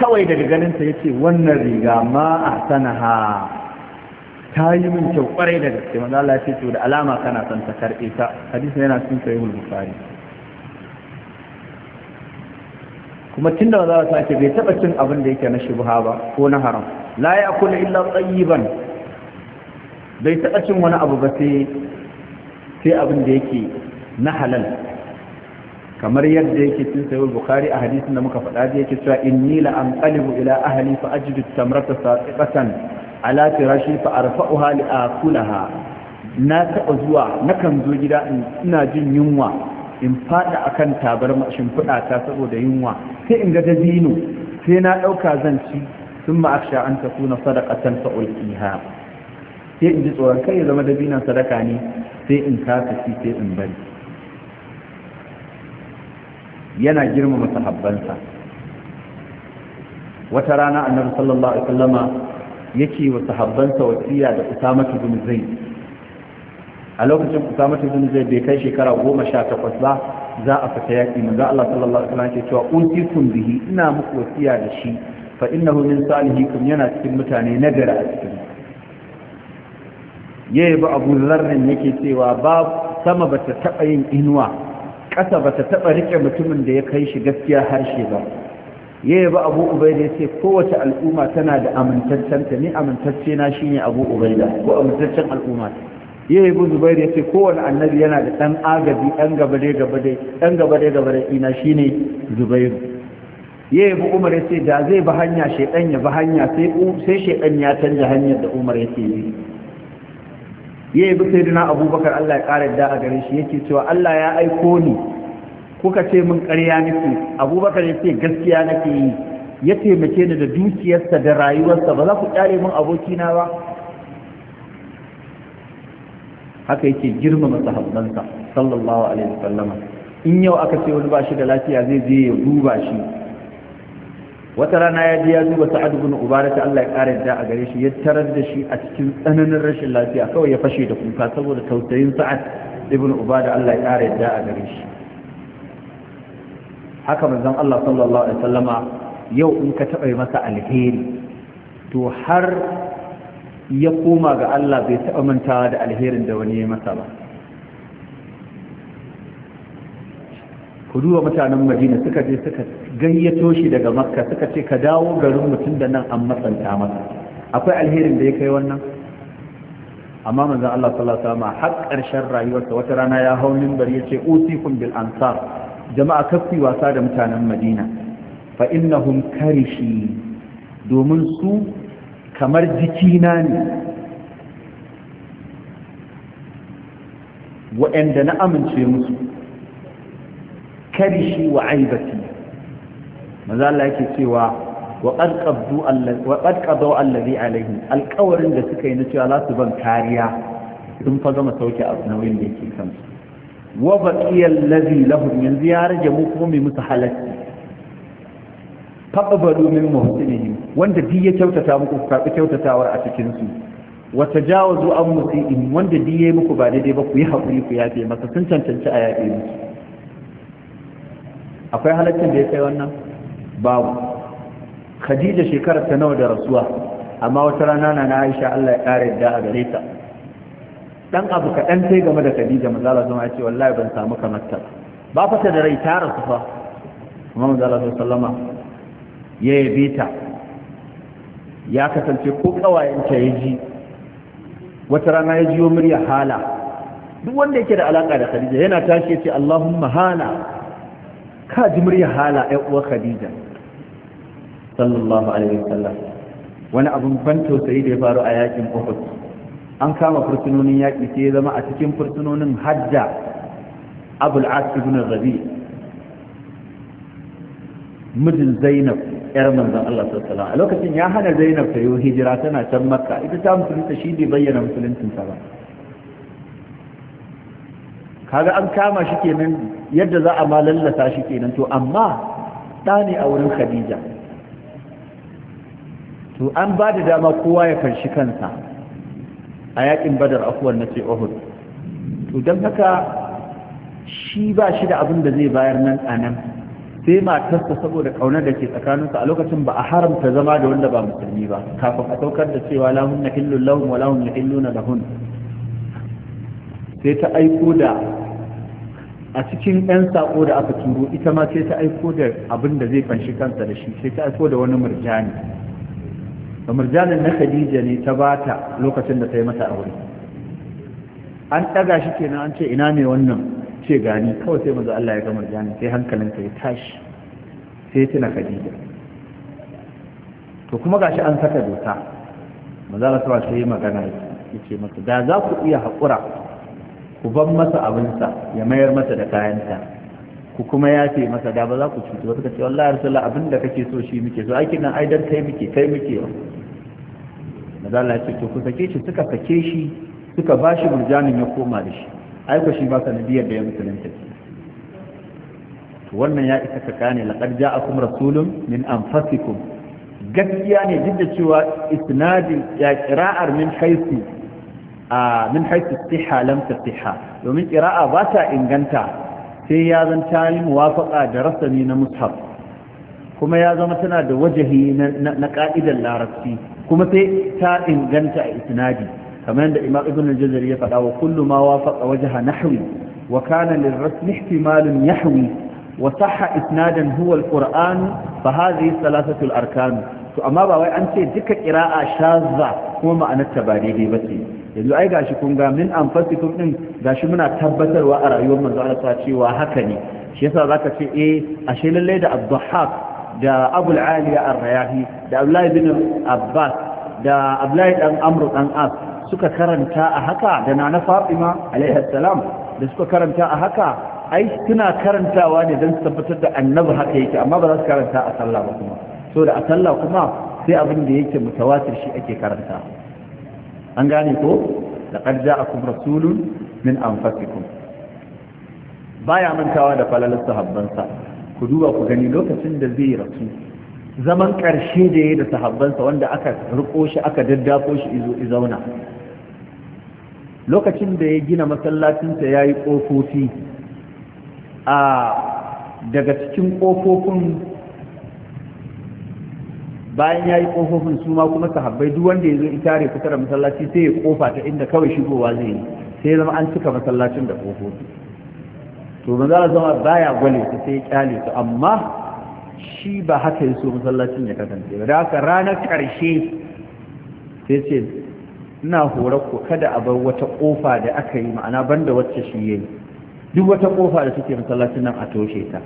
Speaker 1: kawai daga sa ya ce wannan riga ma a tayi ta yi min kyau kwarai da gaske manzo Allah ya ce to da alama kana son ta karbe ta hadisi yana cikin sahihul bukhari kuma tunda manzo Allah ya ce bai taba cin abin da yake na shubha ba ko na haram la ya'kulu illa tayyiban bai taba cin wani abu ba sai sai abin da yake na halal kamar yadda yake cin sayo bukhari a hadisin da muka faɗa da yake cewa inni la anqalibu ila ahli fa ajidu tamrata saqiqatan ala firashi fa arfa'uha li akulaha na taɓa zuwa nakan zo gida ina jin yunwa in faɗa akan tabar shimfiɗa ta saboda yunwa sai in ga dabino sai na ɗauka zan ci sun ma'aksha an ta kuna sadakatan fa'ulƙiha sai in ji tsoron kai ya zama dabinan sadaka ne sai in kasa ci sai in bari yana girmama sahabbansa wata rana annabi sallallahu alaihi wasallama yake wa sahabbansa wasiya da Usama ibn Zaid a lokacin Usama ibn Zaid bai kai shekara 18 ba za a fita yaki manzo Allah sallallahu alaihi wasallam ke cewa utikum bihi ina muku wasiya da shi fa innahu min salihikum yana cikin mutane nagara a cikin yayi ba Abu Zarr yake cewa ba sama bata taba yin inuwa ƙasa ba ta taɓa riƙe mutumin da ya kai shi gaskiya harshe ba ya ba abu ubaida ya ce kowace al'umma tana da ta ni amintacce na shine abu ubaida ko amintaccen al'umma ya yi bu zubair ya ce kowane annabi yana da ɗan agabi ɗan gabare gabare ɗan gabare gabare ina shine zubairu ya yi bu umar ya ce da zai ba hanya shaidan ya ba hanya sai shaidan ya canja hanyar da umar ya ce bi. ya yi bisa na abubakar Allah ya ƙara da a gare shi yake cewa Allah ya aiko ni kuka ce min ƙarya nake abubakar ya ce gaskiya nake yi ya taimake ni da dukiyarsa da rayuwarsa ba za ku ƙyale min abokina ba haka yake girmama sahabbansa sallallahu alaihi wasallam in yau aka ce wani ba shi da lafiya zai je ya duba shi wata rana ya je ya duba sa'ad ibn ubarata Allah ya kare da a gare shi ya tarar da shi a cikin tsananin rashin lafiya kawai ya fashe da kuka saboda tausayin sa'ad ibn ubada Allah ya kare da a gare shi haka manzon Allah sallallahu alaihi wasallama yau in ka taɓa masa alheri to har ya koma ga Allah bai taɓa mantawa da alherin da wani ya masa ba ku duba mutanen madina suka je suka gayyato shi daga makka suka ce ka dawo garin mutum da nan an matsanta masa akwai alherin da ya kai wannan amma manzon Allah sallallahu alaihi wasallam har karshen rayuwarsa wata rana ya hau minbar yace usikum bil ansar jama'a kafi wasa da mutanen Madina fa innahum karishi domin su kamar jikina ne waɗanda na amince musu karishi wa aibati maza Allah yake cewa wa qad qabdu allazi wa qad alaihi alqawarin da suka yi na cewa za su ban kariya sun fa zama sauke a nauyin da yake kansu wa baqiya allazi lahu, yanzu ya rage mu kuma mai musu halacci faqbalu min muhsinihim wanda duk ya kyautata muku karbi kyautatawar a cikin su wa tajawazu an musiin wanda duk muku ba daidai ba ku yi hakuri ku yafe masa sun cancanci a yafe musu akwai halaccin da ya kai wannan babu khadija shekarar ta nawa da rasuwa amma wata rana na na aisha Allah ya kare da a gare ta dan abu kaɗan sai game da khadija manzala zama ya ce wallahi ban samu kamar ta ba fata da rai ta rasu fa amma manzala sallama ya yabe ta ya kasance ko kawayenta ya ji wata rana ya jiyo murya hala duk wanda yake da alaƙa da khadija yana tashi ya ce allahumma hala ka ji murya hala ɗan uwar khadija sallallahu alaihi wasallam wani abun ban tausayi da ya faru a yakin uhud an kama fursunonin yaƙi sai ya zama a cikin fursunonin hajja abul as ibn rabi mijin zainab yar manzon Allah sallallahu alaihi a lokacin ya hana zainab ta yi hijira tana can makka ita ta musulunta shi bai bayyana musuluncinta ba kaga an kama shi kenan yadda za a ma shi kenan to amma ɗane a wurin khadija to an ba da dama kowa ya karshi kansa a yakin badar akuwar na ce ohun. to don haka shi ba shi da abin da zai bayar nan a nan sai matarsa saboda ƙaunar da ke tsakaninsa a lokacin ba a haramta zama da wanda ba musulmi ba kafin a saukar da cewa lahun na hillun lahun wa lahun na na lahun sai ta aiko da a cikin 'yan sako da aka turo ita ma sai ta aiko da abin da zai fanshi kansa da shi sai ta aiko da wani murjani da murjanin na khadija ne ta bata lokacin da ta yi mata aure an ɗaga shi kenan an ce ina ne wannan ce gani kawai sai maza Allah ya ga murjanin sai ka ya tashi sai tuna khadija to kuma gashi an saka doka maza Allah sai magana yake da za ku iya haƙura ku ban masa abinsa ya mayar masa da kayanta ku kuma ya ce masa da ba za ku cutu ba suka ce wallahi rasulullah abin da kake so shi muke so aikin nan aidar kai muke kai muke Na maza Allah ya ce to ku sake shi suka sake shi suka ba shi murjanin ya koma da shi aiko shi ba sanadiyar da ya musulunta to wannan ya isa ka kane laqad ja'akum rasulun min anfusikum gaskiya ne duk da cewa isnadin ya qira'ar min haythu min haisu siha lam siha domin ƙira'a ba ta inganta sai ya zan tayi muwafaƙa da rasami na mushaf kuma ya zama tana da wajahi na ƙa'idar larabci kuma sai ta inganta a isnadi kamar yadda imam ibn jazari ya faɗa wa kullu ma wafaqa wajha nahwi wa kana lirrasm ihtimalun yahwi wa sahha isnadan huwa alquran fa hadhihi thalathatu alarkan to amma ba wai an ce duka qira'a shazza kuma ma'anar ta ba daidai ba ce yanzu ai gashi kun ga min anfasikum din gashi muna tabbatarwa a rayuwar manzo Allah ta cewa haka ne shi yasa zaka ce eh ashe lalle da Abdulhaq da Abu Aliya Ar-Rayahi da Abdullah ibn Abbas da Abdullah dan Amr dan As suka karanta a haka da Nana Fatima alaiha salam da suka karanta a haka ai suna karantawa ne dan tabbatar da annabi haka yake amma ba za su karanta a sallah ba kuma so da a sallah kuma sai abin da yake mutawatir shi ake karanta an gane ko da a ja'akum rasulun min Ba baya mantawa da falalar sahabbansa ku duba ku gani lokacin da zai rasu zaman ƙarshe da yayi da sahabbansa wanda aka riko shi aka daddafo shi izo izauna lokacin da ya gina masallacinsa ya yi ƙofofi a daga cikin ƙofofin bayan ya yi ƙofofin su ma kuma sahabbai duk wanda ya zo tare kusa da masallaci sai ya kofa ta inda kawai shigowa zai yi sai zama an cika masallacin da ƙofofi to manzo Allah zama baya gwale ta sai ya kyale su amma shi ba haka ya so masallacin ya kasance ba da haka ranar ƙarshe sai ce ina hore ku kada a bar wata ƙofa da aka yi ma'ana banda wacce shi yayi duk wata ƙofa da suke masallacin nan a toshe ta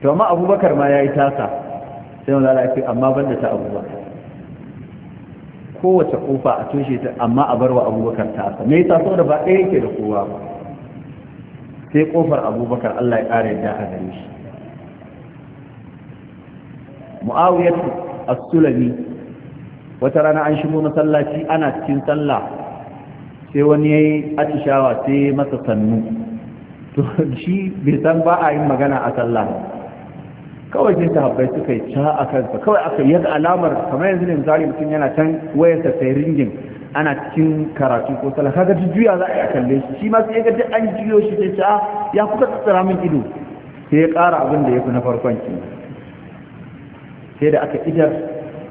Speaker 1: to amma Abubakar ma yayi tasa sai wanda ala ce amma banda ta abubakar kowace kofa a tushe ta amma a barwa abubakar ta asa ta so da ba ɗaya yake da kowa ba sai kofar abubakar Allah ya ƙara yadda a gare shi mu'awiyar asulami wata rana an shigo masallaci ana cikin sallah sai wani ya yi atishawa sai masa sannu to shi bai san ba a yin magana a sallah kawai sai sahabbai suka yi ca a kansa kawai aka yi alamar kamar yanzu ne misali mutum yana can wayarsa sai ringin ana cikin karatu ko sallah kaga juya za a yi a kalle shi shi ma sai an juyo shi sai ta ah, ya kuka tsara min ido sai ya ƙara abin da ya fi na farkon ki sai da aka idar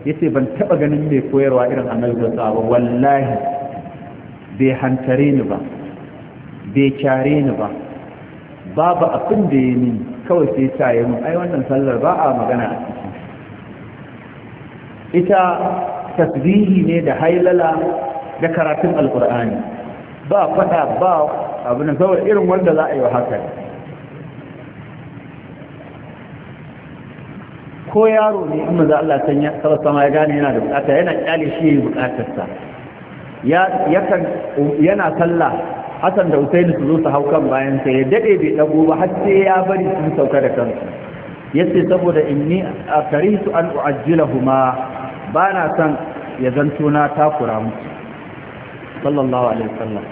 Speaker 1: ya ce ban taba ganin mai koyarwa irin annabi da ba wallahi bai hantare ni ba bai kyare ni ba babu abin da ya nini kawai sai ta yi mun ai wannan sallar ba a magana a ciki ita tasbihi ne da hailala da karatun alkur'ani ba fada ba abu na kawai irin wanda za a yi wa haka ko yaro ne in maza Allah san ya sama ya gane yana da bukata yana kyale shi ya yi bukatarsa yana sallah Hassan da Usaini su zo su hau kan bayan sa ya dade bai dago ba har sai ya bari su sauka da kansu yace saboda inni akaritu an uajjilahuma bana san ya zanto na takura musu sallallahu alaihi wasallam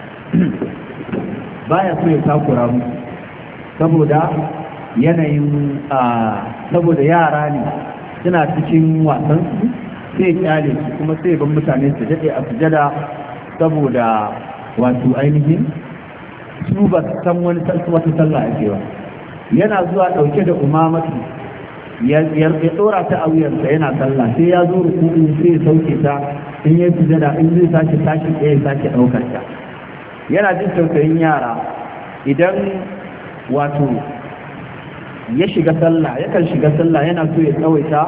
Speaker 1: baya so ya takura musu saboda yanayin saboda yara ne suna cikin wasan sai kyale su kuma sai ban mutane su dade a sujada saboda wato ainihin su ba san wani wata sallah ake ba yana zuwa ɗauke da umamatu ya tsora ta a wuyarsa yana sallah sai ya zo rukuku sai ya sauke ta in ya fi da in zai sake tashi ɗaya ya sake ɗaukar ta yana jin tausayin yara idan wato ya shiga sallah yakan shiga sallah yana so ya tsawaita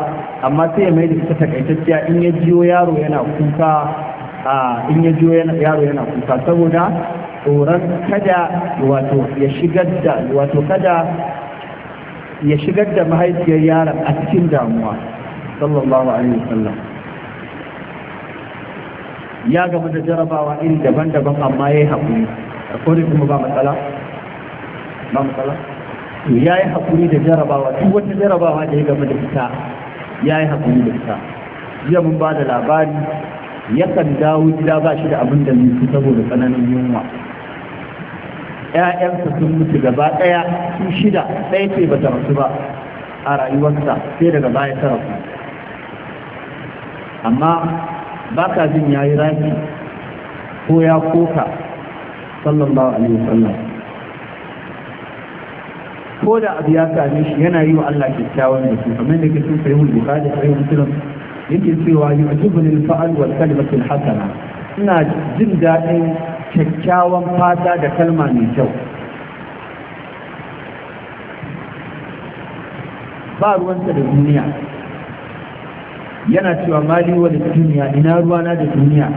Speaker 1: amma sai ya mai da ita takaitacciya in ya jiyo yaro yana kuka a in ya jo yaro yana kusa saboda tsoron kada wato ya shigar da wato kada ya shigar da mahaifiyar yaron a cikin damuwa sallallahu alaihi wasallam ya gama da jarabawa iri daban-daban amma ya yi haƙuri akwai kuma ba matsala ba matsala ya yi haƙuri da jarabawa duk wata jarabawa da ya gama da ita ya yi haƙuri da ita jiya mun ba da labari yakan dawo gida ba shi da abin da saboda tsananin yunwa ‘ya'yansa sun mutu gaba ɗaya su shida ɗaya ce ba ta rasu ba a rayuwarsa sai daga baya ta rasu amma ba ka jin ya yi rafi ko ya koka sallallahu alaihi wasallam ko da abu ya same shi yana yi wa Allah kyakkyawan da su kamar da ke sun sayi bukari a sayi musulun yake cewa yi ajibul fa'al wal kalimatul hasana ina jin daɗin kyakkyawan fata da kalma mai kyau ba ruwansa da duniya yana cewa mali wa da duniya ina ruwana da duniya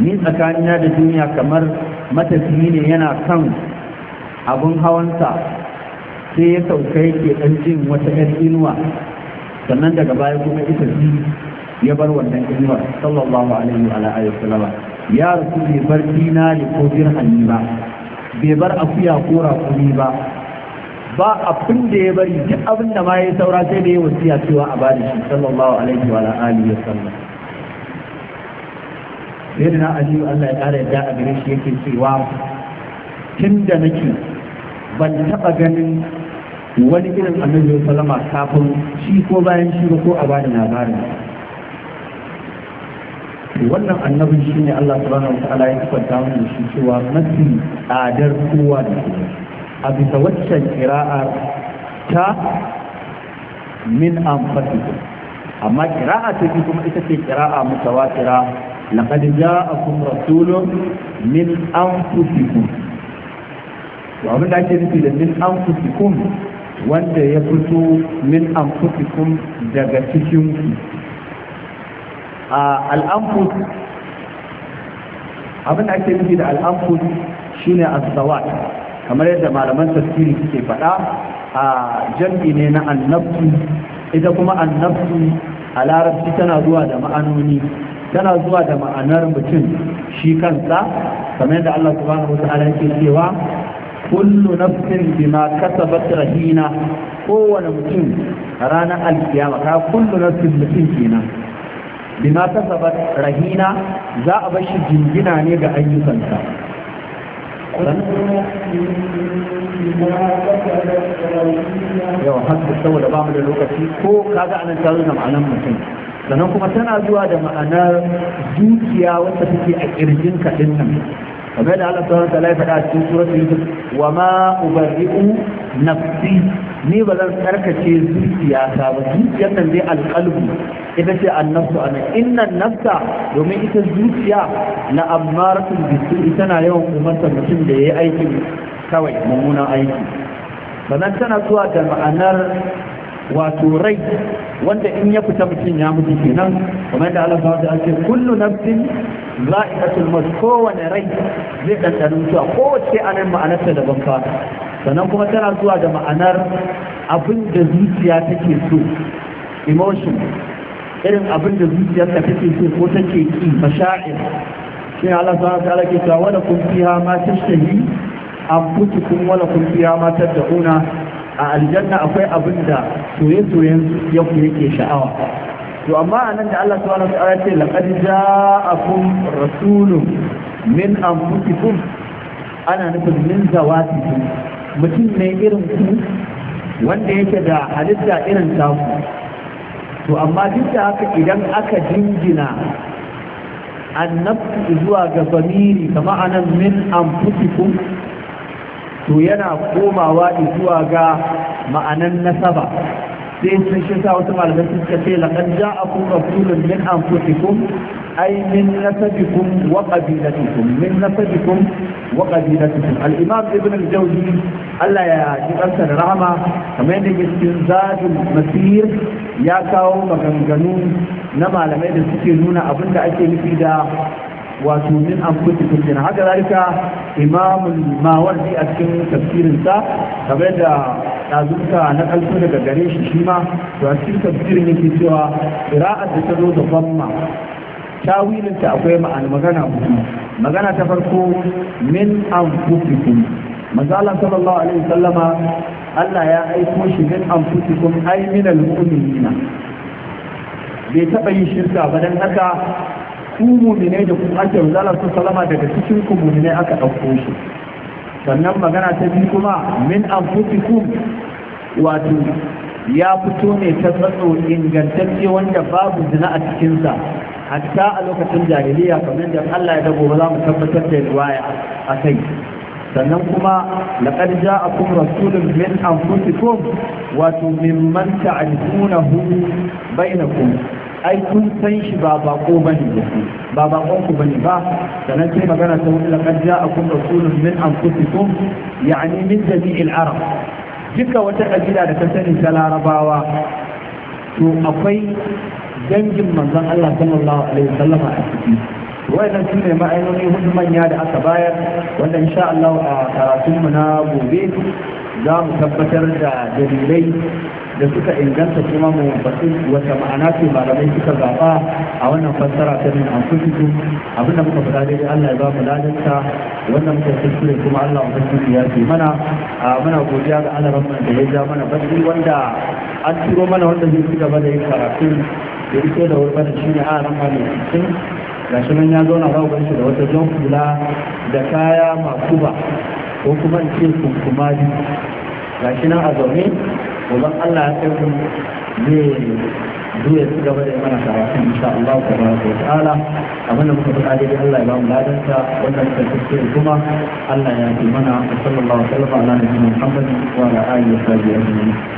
Speaker 1: ni tsakanina da duniya kamar matafiyi ne yana kan abun hawansa sai ya sauka yake ɗan jin wata ‘yar inuwa sannan daga baya kuma ita fi ya bar wannan inuwar sallallahu alaihi wa alihi wasallama ya rasu bai bar dinari ko dirhami ba bai bar akuya ko rakumi ba ba abin da ya bari duk abin da ma ya saura sai da ya wasiya cewa a bada shi sallallahu alaihi wa alihi wasallam sai da na aliyu Allah ya kara yadda a gare shi yake cewa tun da nake ban taɓa ganin wani irin annabi sallama kafin shi ko bayan shi ko a bada labarin wannan annabin shi ne Allah subhanahu wa ta'ala ya kwanta mana shi cewa mafi tsadar kowa da shi a bisa waccan kira'ar ta min anfasikum amma kira'a ta bi kuma ita ce kira'a mutawatira laqad ja'akum rasulun min anfusikum wa abin da ake nufi da min anfusikum wanda ya fito min anfusikum daga cikin ku al'amfus abin ake nufi da al'amfus shine ne sawat kamar yadda malaman tafsiri suke faɗa a jam'i ne na annabtu ita kuma annabtu a larabci tana zuwa da ma'anoni tana zuwa da ma'anar mutum shi kansa kamar yadda Allah subhanahu wata'ala yake cewa kullu nafsin bima kasabat rahina kowane mutum ranar alkiyama ka kullu nafsin mutum kenan bima kasabat rahina za a bar shi jingina ne ga ayyukansa yau haka saboda ba mu da lokaci ko kaga anan ta zo ma'anar mutum sannan kuma tana zuwa da ma'anar dukiya wacce take a kirjin ɗin nan kamar da Allah subhanahu wataala ya faɗa a cikin yusuf wa ma ubarri'u nafsi ni ba zan tsarkace zuciyata ba zuciyar nan dai alqalbu ita ce annafsu anan innan nafsa domin ita zuciya la rafin bisu tana yawan umartar mutum da yayi aikin kawai mummunan aiki sannan tana zuwa da ma'anar wato rai wanda in ya fita mutum ya mutu kenan kamar da Allah ta ce kullu nafsin za'iqatul maut kowane rai zai mutu mutuwa kowace anan ma'anarta daban fa sannan kuma tana zuwa da ma'anar abin da zuciya take so emotion irin abin da ta take so ko take ki masha'ir shi Allah subhanahu wa ta'ala ke cewa wala kun fiha ma tashtahi anfusukum wala kun fiha ma tad'una a aljanna akwai abin da soye-soyen ya ku yake sha'awa to amma a nan da Allah ta wani ta'ala ce laqad ja'akum rasulun min anfusikum ana nufin min zawatikum mutum ne irin ku wanda yake da halitta irin taku to amma duk da haka idan aka jingina annabtu zuwa ga famiri kama anan min anfusikum to yana komawa zuwa ga ma'anan nasaba sai sun shi sa wasu malamai suka ce a ja'akum rasulun min anfusikum ai min kun wa qabilatikum min kun wa qabilatikum al-imam ibn al-jawzi Allah ya ji kansa da rahama kamar yadda yake cikin zadul masir ya kawo maganganu na malamai da suke nuna abin da ake nufi da wato min an kusa kusa na haka zalika imamun mawardi a cikin tafsirinsa kamar da ɗazunka na ƙarfi daga gare shi shi ma to a cikin tafsirin yake cewa ƙira'ar da ta zo da famma tawilinta akwai ma'ana magana hudu magana ta farko min an mazalan sallallahu alaihi Sallama, Allah ya aiko shi min an ai min al-mu'minina bai taɓa yin shirka ba don haka ku muminai da kuma ake zala su salama daga cikin ku muminai aka ɗauko shi sannan magana ta biyu kuma min anfusikum wato ya fito ne ta tsatso ingantacce wanda babu zina a cikinsa hatta a lokacin jahiliya kamar da Allah ya dago za mu tabbatar da riwaya a kai sannan kuma laqad ja'akum rasulun min anfusikum wato mimman ta'rifunahu bainakum ai kun san shi ba bako bane ba ba bakon ku bane ba sanan kai magana ta wani laqad ja'akum rasulun min anfusikum yani min jami'il arab duka wata kabila da ta sani ta larabawa to akwai dangin manzon Allah sallallahu alaihi wasallam a ciki wayannan su ne ma'ainoni hudu manya da aka bayar wanda insha Allah a karatunmu na gobe za mu tabbatar da dalilai da suka inganta kuma mu batun wata ma'ana ce malamai suka zaba a wannan fassara ta min an kusutu abinda muka faɗa dai Allah ya ba mu ladanta wannan muka kuskure kuma Allah ya kuskure ya ce mana muna godiya ga Allah rabban da ya ja mana baki wanda an turo mana wanda zai ci gaba da yin karatu da ita da da shi ne a ran mai cikin gashi nan ya zauna ba shi da wata jan kula da kaya masu ba ko kuma in ce kunkumali gashi nan a zaune domin Allah ya kai mu zai ci gaba da mana karatun insha Allah ta ba ta ta'ala abin da muka faɗa dai Allah ya ba mu ladanta wannan tafsir kuma Allah ya yi mana sallallahu alaihi wa sallam ala nabiyina Muhammad wa ala alihi wa sahbihi ajma'in